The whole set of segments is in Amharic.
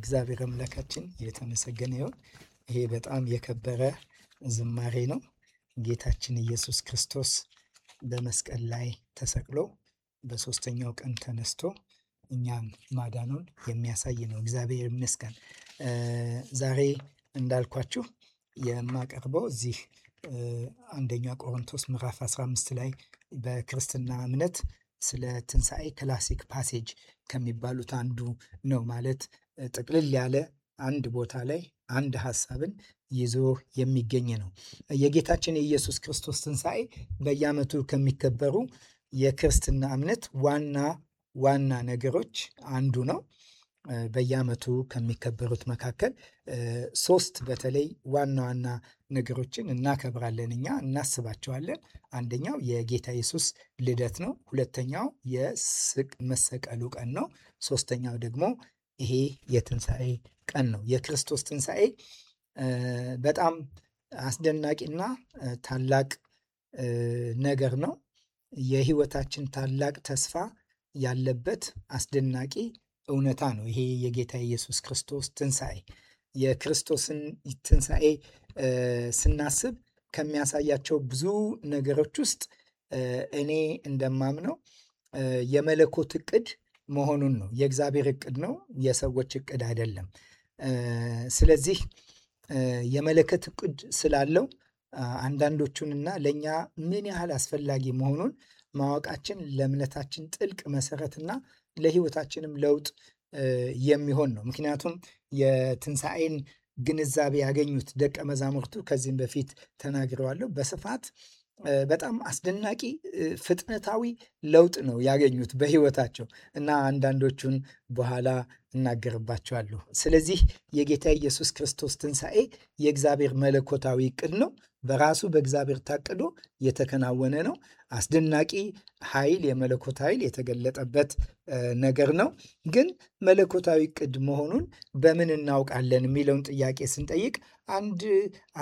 እግዚአብሔር አምላካችን የተመሰገነ ይሁን። ይሄ በጣም የከበረ ዝማሬ ነው። ጌታችን ኢየሱስ ክርስቶስ በመስቀል ላይ ተሰቅሎ በሶስተኛው ቀን ተነስቶ እኛም ማዳኑን የሚያሳይ ነው። እግዚአብሔር ይመስገን። ዛሬ እንዳልኳችሁ የማቀርበው እዚህ አንደኛ ቆሮንቶስ ምዕራፍ 15 ላይ በክርስትና እምነት ስለ ትንሣኤ ክላሲክ ፓሴጅ ከሚባሉት አንዱ ነው ማለት ጥቅልል ያለ አንድ ቦታ ላይ አንድ ሀሳብን ይዞ የሚገኝ ነው። የጌታችን የኢየሱስ ክርስቶስ ትንሣኤ በየዓመቱ ከሚከበሩ የክርስትና እምነት ዋና ዋና ነገሮች አንዱ ነው። በየዓመቱ ከሚከበሩት መካከል ሶስት በተለይ ዋና ዋና ነገሮችን እናከብራለን እኛ እናስባቸዋለን። አንደኛው የጌታ ኢየሱስ ልደት ነው። ሁለተኛው የስቅ መሰቀሉ ቀን ነው። ሶስተኛው ደግሞ ይሄ የትንሣኤ ቀን ነው። የክርስቶስ ትንሣኤ በጣም አስደናቂና ታላቅ ነገር ነው። የህይወታችን ታላቅ ተስፋ ያለበት አስደናቂ እውነታ ነው። ይሄ የጌታ ኢየሱስ ክርስቶስ ትንሣኤ የክርስቶስን ትንሣኤ ስናስብ ከሚያሳያቸው ብዙ ነገሮች ውስጥ እኔ እንደማምነው የመለኮት እቅድ መሆኑን ነው። የእግዚአብሔር እቅድ ነው፣ የሰዎች እቅድ አይደለም። ስለዚህ የመለከት እቅድ ስላለው አንዳንዶቹንና ለእኛ ምን ያህል አስፈላጊ መሆኑን ማወቃችን ለእምነታችን ጥልቅ መሰረትና ለሕይወታችንም ለውጥ የሚሆን ነው። ምክንያቱም የትንሣኤን ግንዛቤ ያገኙት ደቀ መዛሙርቱ ከዚህም በፊት ተናግረዋለሁ በስፋት በጣም አስደናቂ ፍጥነታዊ ለውጥ ነው ያገኙት በህይወታቸው እና አንዳንዶቹን በኋላ እናገርባቸዋለሁ። ስለዚህ የጌታ ኢየሱስ ክርስቶስ ትንሣኤ የእግዚአብሔር መለኮታዊ እቅድ ነው። በራሱ በእግዚአብሔር ታቅዶ የተከናወነ ነው። አስደናቂ ኃይል፣ የመለኮት ኃይል የተገለጠበት ነገር ነው። ግን መለኮታዊ እቅድ መሆኑን በምን እናውቃለን የሚለውን ጥያቄ ስንጠይቅ አንድ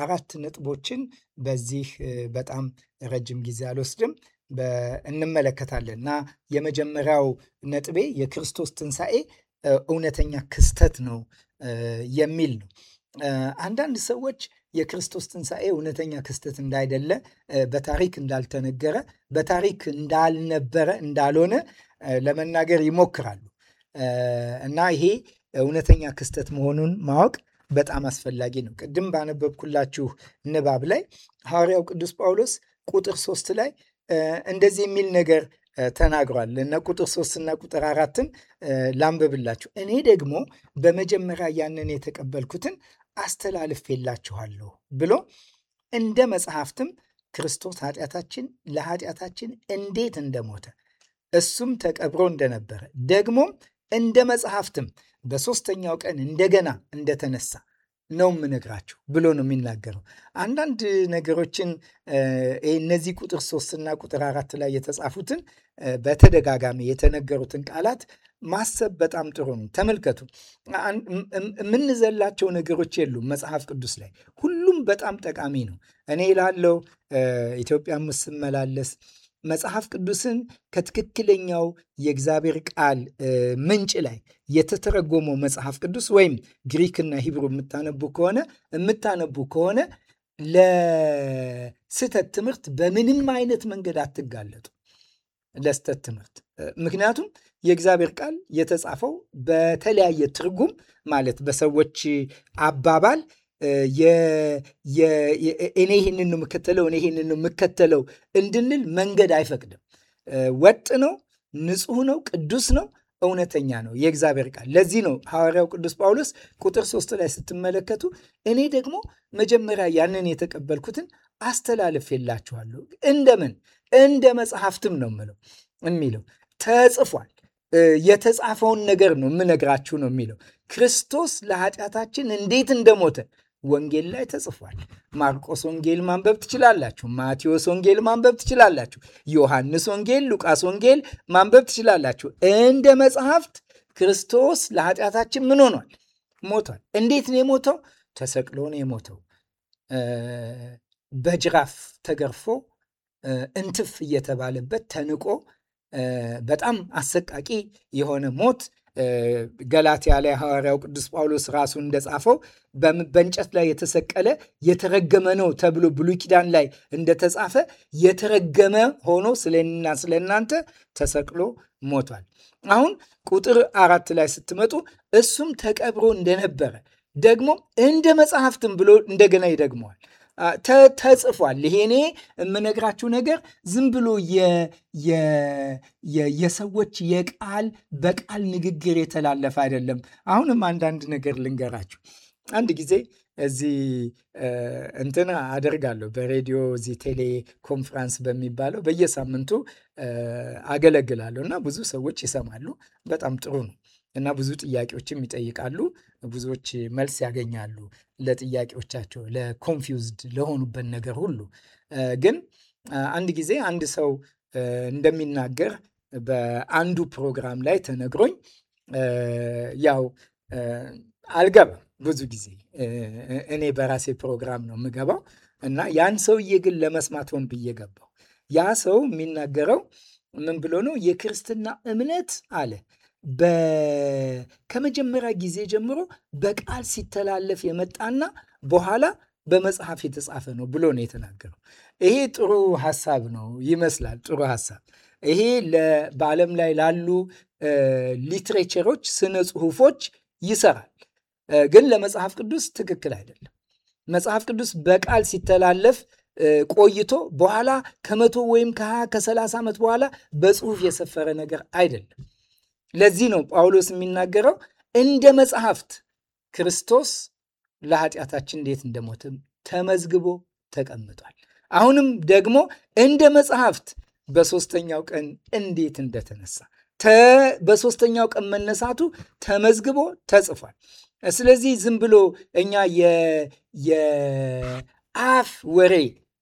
አራት ነጥቦችን በዚህ በጣም ረጅም ጊዜ አልወስድም እንመለከታለን እና የመጀመሪያው ነጥቤ የክርስቶስ ትንሣኤ እውነተኛ ክስተት ነው የሚል ነው። አንዳንድ ሰዎች የክርስቶስ ትንሣኤ እውነተኛ ክስተት እንዳይደለ፣ በታሪክ እንዳልተነገረ፣ በታሪክ እንዳልነበረ፣ እንዳልሆነ ለመናገር ይሞክራሉ እና ይሄ እውነተኛ ክስተት መሆኑን ማወቅ በጣም አስፈላጊ ነው። ቅድም ባነበብኩላችሁ ንባብ ላይ ሐዋርያው ቅዱስ ጳውሎስ ቁጥር ሶስት ላይ እንደዚህ የሚል ነገር ተናግሯል እነ ቁጥር ሶስት እና ቁጥር አራትን ላንብብላችሁ። እኔ ደግሞ በመጀመሪያ ያንን የተቀበልኩትን አስተላልፌላችኋለሁ ብሎ እንደ መጽሐፍትም ክርስቶስ ኃጢአታችን ለኃጢአታችን እንዴት እንደሞተ እሱም ተቀብሮ እንደነበረ ደግሞም እንደ መጽሐፍትም በሦስተኛው ቀን እንደገና እንደተነሳ ነው የምነግራችሁ ብሎ ነው የሚናገረው። አንዳንድ ነገሮችን እነዚህ ቁጥር ሶስትና ቁጥር አራት ላይ የተጻፉትን በተደጋጋሚ የተነገሩትን ቃላት ማሰብ በጣም ጥሩ ነው። ተመልከቱ፣ የምንዘላቸው ነገሮች የሉም መጽሐፍ ቅዱስ ላይ ሁሉም በጣም ጠቃሚ ነው። እኔ ላለው ኢትዮጵያ ስመላለስ መጽሐፍ ቅዱስን ከትክክለኛው የእግዚአብሔር ቃል ምንጭ ላይ የተተረጎመው መጽሐፍ ቅዱስ ወይም ግሪክና ሂብሩ የምታነቡ ከሆነ የምታነቡ ከሆነ ለስህተት ትምህርት በምንም አይነት መንገድ አትጋለጡ። ለስተት ትምህርት። ምክንያቱም የእግዚአብሔር ቃል የተጻፈው በተለያየ ትርጉም ማለት በሰዎች አባባል እኔ ይህንን ነው የምከተለው እኔ ይህንን ነው የምከተለው እንድንል መንገድ አይፈቅድም። ወጥ ነው፣ ንጹህ ነው፣ ቅዱስ ነው፣ እውነተኛ ነው የእግዚአብሔር ቃል። ለዚህ ነው ሐዋርያው ቅዱስ ጳውሎስ ቁጥር ሶስት ላይ ስትመለከቱ እኔ ደግሞ መጀመሪያ ያንን የተቀበልኩትን አስተላልፌላችኋለሁ። እንደምን እንደ መጽሐፍትም ነው ምለው የሚለው ተጽፏል። የተጻፈውን ነገር ነው የምነግራችሁ ነው የሚለው ክርስቶስ ለኃጢአታችን እንዴት እንደሞተ ወንጌል ላይ ተጽፏል። ማርቆስ ወንጌል ማንበብ ትችላላችሁ። ማቴዎስ ወንጌል ማንበብ ትችላላችሁ። ዮሐንስ ወንጌል፣ ሉቃስ ወንጌል ማንበብ ትችላላችሁ። እንደ መጽሐፍት ክርስቶስ ለኃጢአታችን ምን ሆኗል? ሞቷል። እንዴት ነው የሞተው? ተሰቅሎ ነው የሞተው። በጅራፍ ተገርፎ እንትፍ እየተባለበት ተንቆ በጣም አሰቃቂ የሆነ ሞት ገላትያ ላይ ሐዋርያው ቅዱስ ጳውሎስ ራሱ እንደጻፈው በእንጨት ላይ የተሰቀለ የተረገመ ነው ተብሎ ብሉይ ኪዳን ላይ እንደተጻፈ የተረገመ ሆኖ ስለና ስለእናንተ ተሰቅሎ ሞቷል። አሁን ቁጥር አራት ላይ ስትመጡ እሱም ተቀብሮ እንደነበረ ደግሞ እንደ መጽሐፍትም ብሎ እንደገና ይደግመዋል። ተጽፏል። ይሄ እኔ የምነግራችሁ ነገር ዝም ብሎ የሰዎች የቃል በቃል ንግግር የተላለፈ አይደለም። አሁንም አንዳንድ ነገር ልንገራችሁ። አንድ ጊዜ እዚህ እንትና አደርጋለሁ በሬዲዮ እዚህ ቴሌ ኮንፍራንስ በሚባለው በየሳምንቱ አገለግላለሁ እና ብዙ ሰዎች ይሰማሉ። በጣም ጥሩ ነው። እና ብዙ ጥያቄዎችም ይጠይቃሉ። ብዙዎች መልስ ያገኛሉ ለጥያቄዎቻቸው፣ ለኮንፊውዝድ ለሆኑበት ነገር ሁሉ። ግን አንድ ጊዜ አንድ ሰው እንደሚናገር በአንዱ ፕሮግራም ላይ ተነግሮኝ ያው አልገባም ብዙ ጊዜ እኔ በራሴ ፕሮግራም ነው የምገባው እና ያን ሰውዬ ግን ለመስማት ሆን ብዬ ገባው። ያ ሰው የሚናገረው ምን ብሎ ነው? የክርስትና እምነት አለ ከመጀመሪያ ጊዜ ጀምሮ በቃል ሲተላለፍ የመጣና በኋላ በመጽሐፍ የተጻፈ ነው ብሎ ነው የተናገረው። ይሄ ጥሩ ሀሳብ ነው ይመስላል። ጥሩ ሀሳብ ይሄ በዓለም ላይ ላሉ ሊትሬቸሮች፣ ስነ ጽሁፎች ይሰራል። ግን ለመጽሐፍ ቅዱስ ትክክል አይደለም። መጽሐፍ ቅዱስ በቃል ሲተላለፍ ቆይቶ በኋላ ከመቶ ወይም ከሀያ ከሰላሳ ዓመት በኋላ በጽሁፍ የሰፈረ ነገር አይደለም። ለዚህ ነው ጳውሎስ የሚናገረው እንደ መጽሐፍት ክርስቶስ ለኃጢአታችን እንዴት እንደሞትም ተመዝግቦ ተቀምጧል። አሁንም ደግሞ እንደ መጽሐፍት በሶስተኛው ቀን እንዴት እንደተነሳ በሶስተኛው ቀን መነሳቱ ተመዝግቦ ተጽፏል። ስለዚህ ዝም ብሎ እኛ የአፍ ወሬ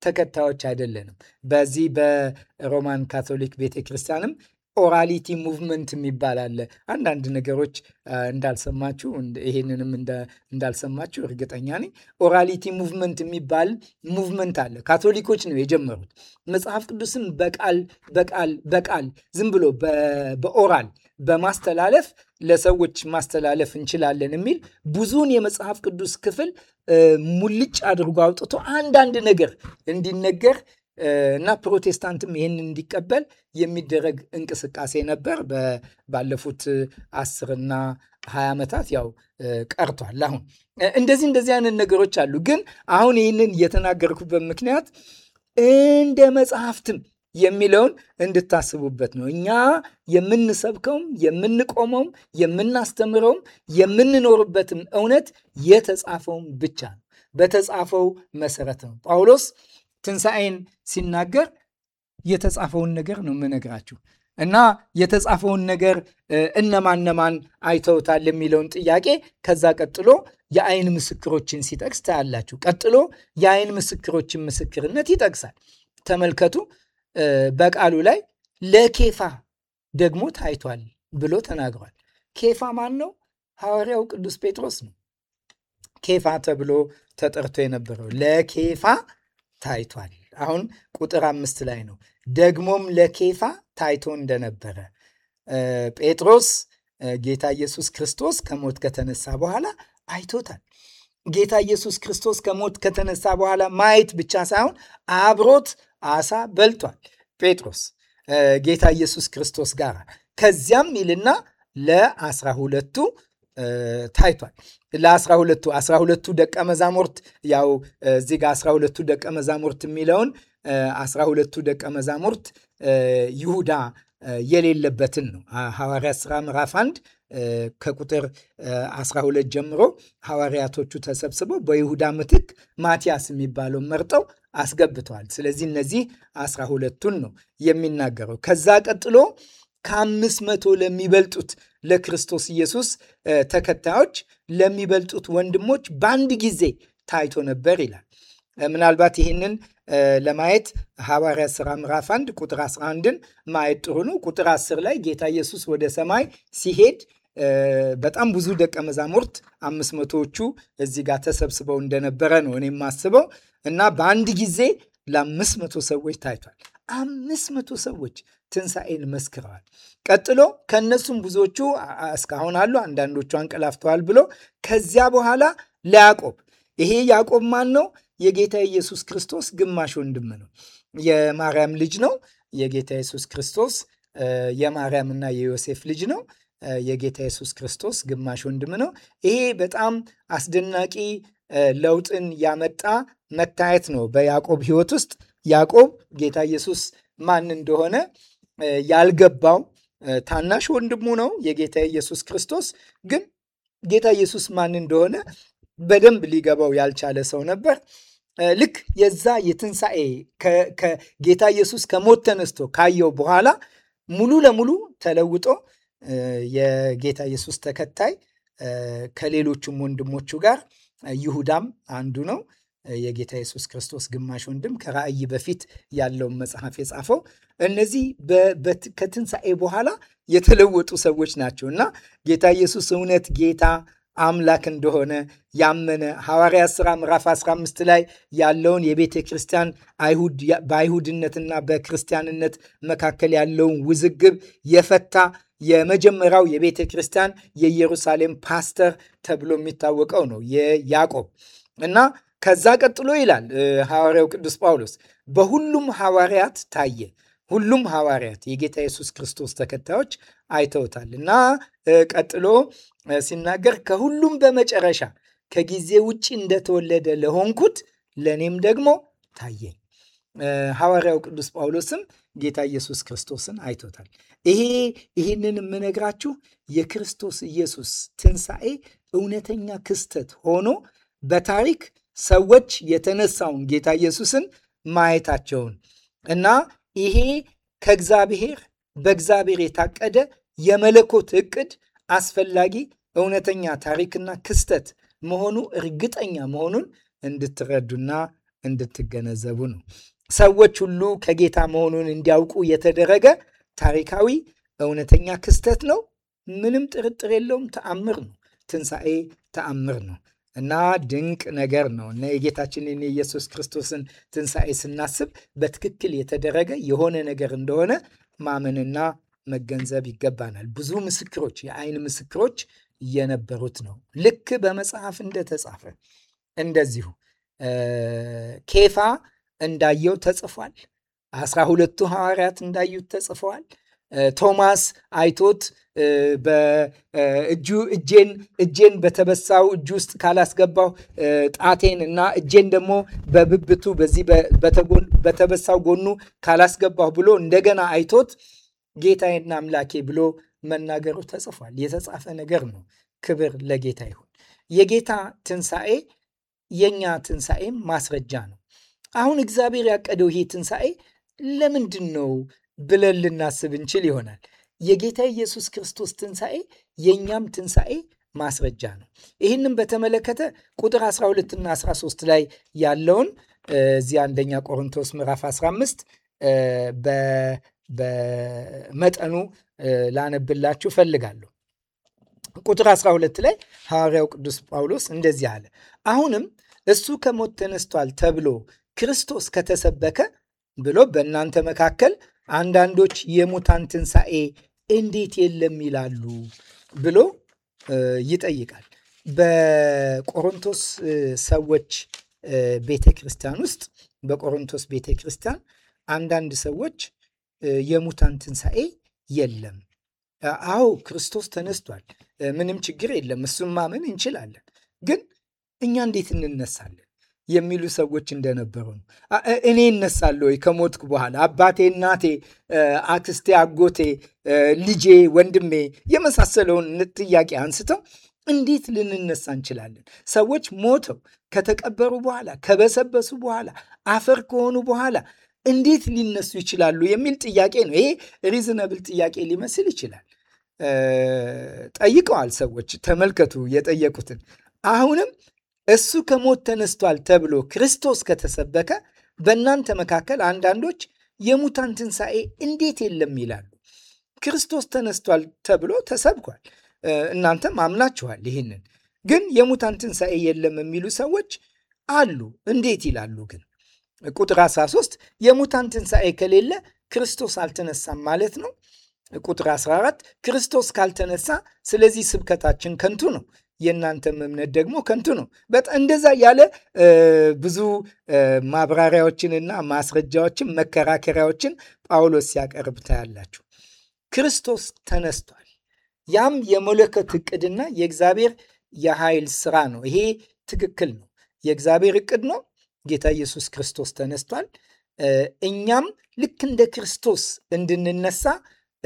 ተከታዮች አይደለንም። በዚህ በሮማን ካቶሊክ ቤተ ክርስቲያንም ኦራሊቲ ሙቭመንት የሚባል አለ። አንዳንድ ነገሮች እንዳልሰማችሁ ይሄንንም እንዳልሰማችሁ እርግጠኛ ነኝ። ኦራሊቲ ሙቭመንት የሚባል ሙቭመንት አለ። ካቶሊኮች ነው የጀመሩት። መጽሐፍ ቅዱስም በቃል በቃል በቃል ዝም ብሎ በኦራል በማስተላለፍ ለሰዎች ማስተላለፍ እንችላለን የሚል ብዙውን የመጽሐፍ ቅዱስ ክፍል ሙልጭ አድርጎ አውጥቶ አንዳንድ ነገር እንዲነገር እና ፕሮቴስታንትም ይህንን እንዲቀበል የሚደረግ እንቅስቃሴ ነበር። ባለፉት አስርና ሀያ ዓመታት ያው ቀርቷል። አሁን እንደዚህ እንደዚህ አይነት ነገሮች አሉ። ግን አሁን ይህንን እየተናገርኩበት ምክንያት እንደ መጽሐፍትም የሚለውን እንድታስቡበት ነው። እኛ የምንሰብከውም የምንቆመውም የምናስተምረውም የምንኖርበትም እውነት የተጻፈውም ብቻ ነው፣ በተጻፈው መሰረት ነው። ጳውሎስ ትንሣኤን ሲናገር የተጻፈውን ነገር ነው የምነግራችሁ እና የተጻፈውን ነገር እነማን ነማን አይተውታል የሚለውን ጥያቄ ከዛ ቀጥሎ የአይን ምስክሮችን ሲጠቅስ ታያላችሁ። ቀጥሎ የአይን ምስክሮችን ምስክርነት ይጠቅሳል። ተመልከቱ፣ በቃሉ ላይ ለኬፋ ደግሞ ታይቷል ብሎ ተናግሯል። ኬፋ ማን ነው? ሐዋርያው ቅዱስ ጴጥሮስ ነው። ኬፋ ተብሎ ተጠርቶ የነበረው ለኬፋ ታይቷል። አሁን ቁጥር አምስት ላይ ነው። ደግሞም ለኬፋ ታይቶ እንደነበረ ጴጥሮስ ጌታ ኢየሱስ ክርስቶስ ከሞት ከተነሳ በኋላ አይቶታል። ጌታ ኢየሱስ ክርስቶስ ከሞት ከተነሳ በኋላ ማየት ብቻ ሳይሆን አብሮት አሳ በልቷል ጴጥሮስ ጌታ ኢየሱስ ክርስቶስ ጋር ከዚያም ይልና ለአስራ ሁለቱ ታይቷል። ለአስራ ሁለቱ አስራ ሁለቱ ደቀ መዛሙርት ያው እዚህ ጋር አስራ ሁለቱ ደቀ መዛሙርት የሚለውን አስራ ሁለቱ ደቀ መዛሙርት ይሁዳ የሌለበትን ነው። ሐዋርያ ሥራ ምዕራፍ አንድ ከቁጥር 12 ጀምሮ ሐዋርያቶቹ ተሰብስበው በይሁዳ ምትክ ማቲያስ የሚባለው መርጠው አስገብተዋል። ስለዚህ እነዚህ አስራ ሁለቱን ነው የሚናገረው ከዛ ቀጥሎ ከአምስት መቶ ለሚበልጡት ለክርስቶስ ኢየሱስ ተከታዮች ለሚበልጡት ወንድሞች በአንድ ጊዜ ታይቶ ነበር ይላል። ምናልባት ይህንን ለማየት ሐዋርያ ሥራ ምዕራፍ 1 ቁጥር 11ን ማየት ጥሩ ነው። ቁጥር 10 ላይ ጌታ ኢየሱስ ወደ ሰማይ ሲሄድ በጣም ብዙ ደቀ መዛሙርት አምስት መቶዎቹ እዚህ ጋር ተሰብስበው እንደነበረ ነው እኔ የማስበው እና በአንድ ጊዜ ለአምስት መቶ ሰዎች ታይቷል። አምስት መቶ ሰዎች ትንሣኤን መስክረዋል። ቀጥሎ ከእነሱም ብዙዎቹ እስካሁን አሉ፣ አንዳንዶቹ አንቀላፍተዋል ብሎ ከዚያ በኋላ ለያዕቆብ ይሄ ያዕቆብ ማን ነው? የጌታ ኢየሱስ ክርስቶስ ግማሽ ወንድም ነው። የማርያም ልጅ ነው። የጌታ ኢየሱስ ክርስቶስ የማርያምና የዮሴፍ ልጅ ነው። የጌታ ኢየሱስ ክርስቶስ ግማሽ ወንድም ነው። ይሄ በጣም አስደናቂ ለውጥን ያመጣ መታየት ነው በያዕቆብ ሕይወት ውስጥ ያዕቆብ ጌታ ኢየሱስ ማን እንደሆነ ያልገባው ታናሽ ወንድሙ ነው የጌታ ኢየሱስ ክርስቶስ። ግን ጌታ ኢየሱስ ማን እንደሆነ በደንብ ሊገባው ያልቻለ ሰው ነበር። ልክ የዛ የትንሣኤ ከጌታ ኢየሱስ ከሞት ተነስቶ ካየው በኋላ ሙሉ ለሙሉ ተለውጦ የጌታ ኢየሱስ ተከታይ ከሌሎቹም ወንድሞቹ ጋር ይሁዳም አንዱ ነው የጌታ ኢየሱስ ክርስቶስ ግማሽ ወንድም ከራእይ በፊት ያለውን መጽሐፍ የጻፈው እነዚህ ከትንሣኤ በኋላ የተለወጡ ሰዎች ናቸው እና ጌታ ኢየሱስ እውነት ጌታ አምላክ እንደሆነ ያመነ ሐዋርያ ሥራ ምዕራፍ 15 ላይ ያለውን የቤተ ክርስቲያን በአይሁድነትና በክርስቲያንነት መካከል ያለውን ውዝግብ የፈታ የመጀመሪያው የቤተ ክርስቲያን የኢየሩሳሌም ፓስተር ተብሎ የሚታወቀው ነው የያዕቆብ እና ከዛ ቀጥሎ ይላል ሐዋርያው ቅዱስ ጳውሎስ በሁሉም ሐዋርያት ታየ። ሁሉም ሐዋርያት የጌታ ኢየሱስ ክርስቶስ ተከታዮች አይተውታል እና ቀጥሎ ሲናገር ከሁሉም በመጨረሻ ከጊዜ ውጭ እንደተወለደ ለሆንኩት ለእኔም ደግሞ ታየኝ። ሐዋርያው ቅዱስ ጳውሎስም ጌታ ኢየሱስ ክርስቶስን አይቶታል። ይሄ ይህንን የምነግራችሁ የክርስቶስ ኢየሱስ ትንሣኤ እውነተኛ ክስተት ሆኖ በታሪክ ሰዎች የተነሳውን ጌታ ኢየሱስን ማየታቸውን እና ይሄ ከእግዚአብሔር በእግዚአብሔር የታቀደ የመለኮት እቅድ አስፈላጊ እውነተኛ ታሪክና ክስተት መሆኑ እርግጠኛ መሆኑን እንድትረዱና እንድትገነዘቡ ነው። ሰዎች ሁሉ ከጌታ መሆኑን እንዲያውቁ የተደረገ ታሪካዊ እውነተኛ ክስተት ነው። ምንም ጥርጥር የለውም። ተአምር ነው። ትንሣኤ ተአምር ነው። እና ድንቅ ነገር ነው እና የጌታችንን የኢየሱስ ክርስቶስን ትንሣኤ ስናስብ በትክክል የተደረገ የሆነ ነገር እንደሆነ ማመንና መገንዘብ ይገባናል። ብዙ ምስክሮች፣ የአይን ምስክሮች እየነበሩት ነው። ልክ በመጽሐፍ እንደተጻፈ እንደዚሁ ኬፋ እንዳየው ተጽፏል። አስራ ሁለቱ ሐዋርያት እንዳዩት ተጽፈዋል። ቶማስ አይቶት በእጁ እጄን እጄን በተበሳው እጁ ውስጥ ካላስገባሁ ጣቴን እና እጄን ደግሞ በብብቱ በዚህ በተበሳው ጎኑ ካላስገባሁ ብሎ እንደገና አይቶት ጌታዬና አምላኬ ብሎ መናገሩ ተጽፏል። የተጻፈ ነገር ነው። ክብር ለጌታ ይሁን። የጌታ ትንሣኤ የእኛ ትንሣኤም ማስረጃ ነው። አሁን እግዚአብሔር ያቀደው ይሄ ትንሣኤ ለምንድን ነው ብለን ልናስብ እንችል ይሆናል። የጌታ ኢየሱስ ክርስቶስ ትንሣኤ የእኛም ትንሣኤ ማስረጃ ነው። ይህንም በተመለከተ ቁጥር 12 እና 13 ላይ ያለውን እዚህ አንደኛ ቆሮንቶስ ምዕራፍ 15 በመጠኑ ላነብላችሁ ፈልጋለሁ። ቁጥር 12 ላይ ሐዋርያው ቅዱስ ጳውሎስ እንደዚህ አለ። አሁንም እሱ ከሞት ተነስቷል ተብሎ ክርስቶስ ከተሰበከ ብሎ በእናንተ መካከል አንዳንዶች የሙታን ትንሣኤ እንዴት የለም ይላሉ ብሎ ይጠይቃል። በቆሮንቶስ ሰዎች ቤተ ክርስቲያን ውስጥ በቆሮንቶስ ቤተ ክርስቲያን አንዳንድ ሰዎች የሙታን ትንሣኤ የለም፣ አዎ ክርስቶስ ተነስቷል፣ ምንም ችግር የለም፣ እሱን ማመን እንችላለን፣ ግን እኛ እንዴት እንነሳለን? የሚሉ ሰዎች እንደነበሩ ነው። እኔ እነሳለሁ ወይ ከሞትኩ በኋላ አባቴ፣ እናቴ፣ አክስቴ፣ አጎቴ፣ ልጄ፣ ወንድሜ የመሳሰለውን ጥያቄ አንስተው እንዴት ልንነሳ እንችላለን? ሰዎች ሞተው ከተቀበሩ በኋላ ከበሰበሱ በኋላ አፈር ከሆኑ በኋላ እንዴት ሊነሱ ይችላሉ የሚል ጥያቄ ነው። ይሄ ሪዝነብል ጥያቄ ሊመስል ይችላል። ጠይቀዋል ሰዎች። ተመልከቱ የጠየቁትን። አሁንም እሱ ከሞት ተነስቷል ተብሎ ክርስቶስ ከተሰበከ በእናንተ መካከል አንዳንዶች የሙታን ትንሣኤ እንዴት የለም ይላሉ። ክርስቶስ ተነስቷል ተብሎ ተሰብኳል። እናንተም አምናችኋል። ይህንን ግን የሙታን ትንሣኤ የለም የሚሉ ሰዎች አሉ። እንዴት ይላሉ? ግን ቁጥር 13 የሙታን ትንሣኤ ከሌለ ክርስቶስ አልተነሳም ማለት ነው። ቁጥር 14 ክርስቶስ ካልተነሳ ስለዚህ ስብከታችን ከንቱ ነው፣ የእናንተም እምነት ደግሞ ከንቱ ነው። እንደዛ ያለ ብዙ ማብራሪያዎችንና ማስረጃዎችን መከራከሪያዎችን ጳውሎስ ሲያቀርብ ታያላችሁ። ክርስቶስ ተነስቷል። ያም የመለከት እቅድና የእግዚአብሔር የኃይል ስራ ነው። ይሄ ትክክል ነው። የእግዚአብሔር እቅድ ነው። ጌታ ኢየሱስ ክርስቶስ ተነስቷል። እኛም ልክ እንደ ክርስቶስ እንድንነሳ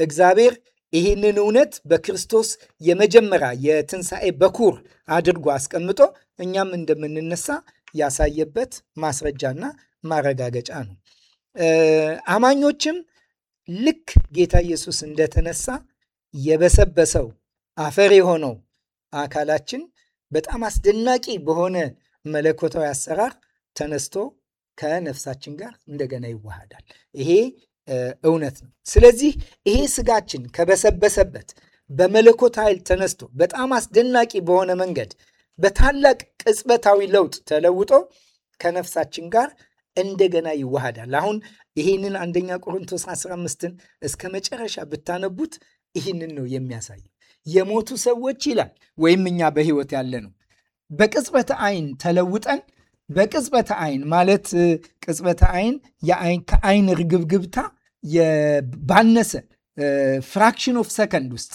እግዚአብሔር ይህንን እውነት በክርስቶስ የመጀመሪያ የትንሣኤ በኩር አድርጎ አስቀምጦ እኛም እንደምንነሳ ያሳየበት ማስረጃና ማረጋገጫ ነው። አማኞችም ልክ ጌታ ኢየሱስ እንደተነሳ የበሰበሰው አፈር የሆነው አካላችን በጣም አስደናቂ በሆነ መለኮታዊ አሰራር ተነስቶ ከነፍሳችን ጋር እንደገና ይዋሃዳል። ይሄ እውነት ነው። ስለዚህ ይሄ ስጋችን ከበሰበሰበት በመለኮት ኃይል ተነስቶ በጣም አስደናቂ በሆነ መንገድ በታላቅ ቅጽበታዊ ለውጥ ተለውጦ ከነፍሳችን ጋር እንደገና ይዋሃዳል። አሁን ይህንን አንደኛ ቆሮንቶስ 15ን እስከ መጨረሻ ብታነቡት ይህንን ነው የሚያሳየው። የሞቱ ሰዎች ይላል ወይም እኛ በህይወት ያለ ነው በቅጽበተ አይን ተለውጠን በቅጽበተ አይን ማለት ቅጽበተ አይን ከአይን ርግብግብታ ባነሰ ፍራክሽን ኦፍ ሰከንድ ውስጥ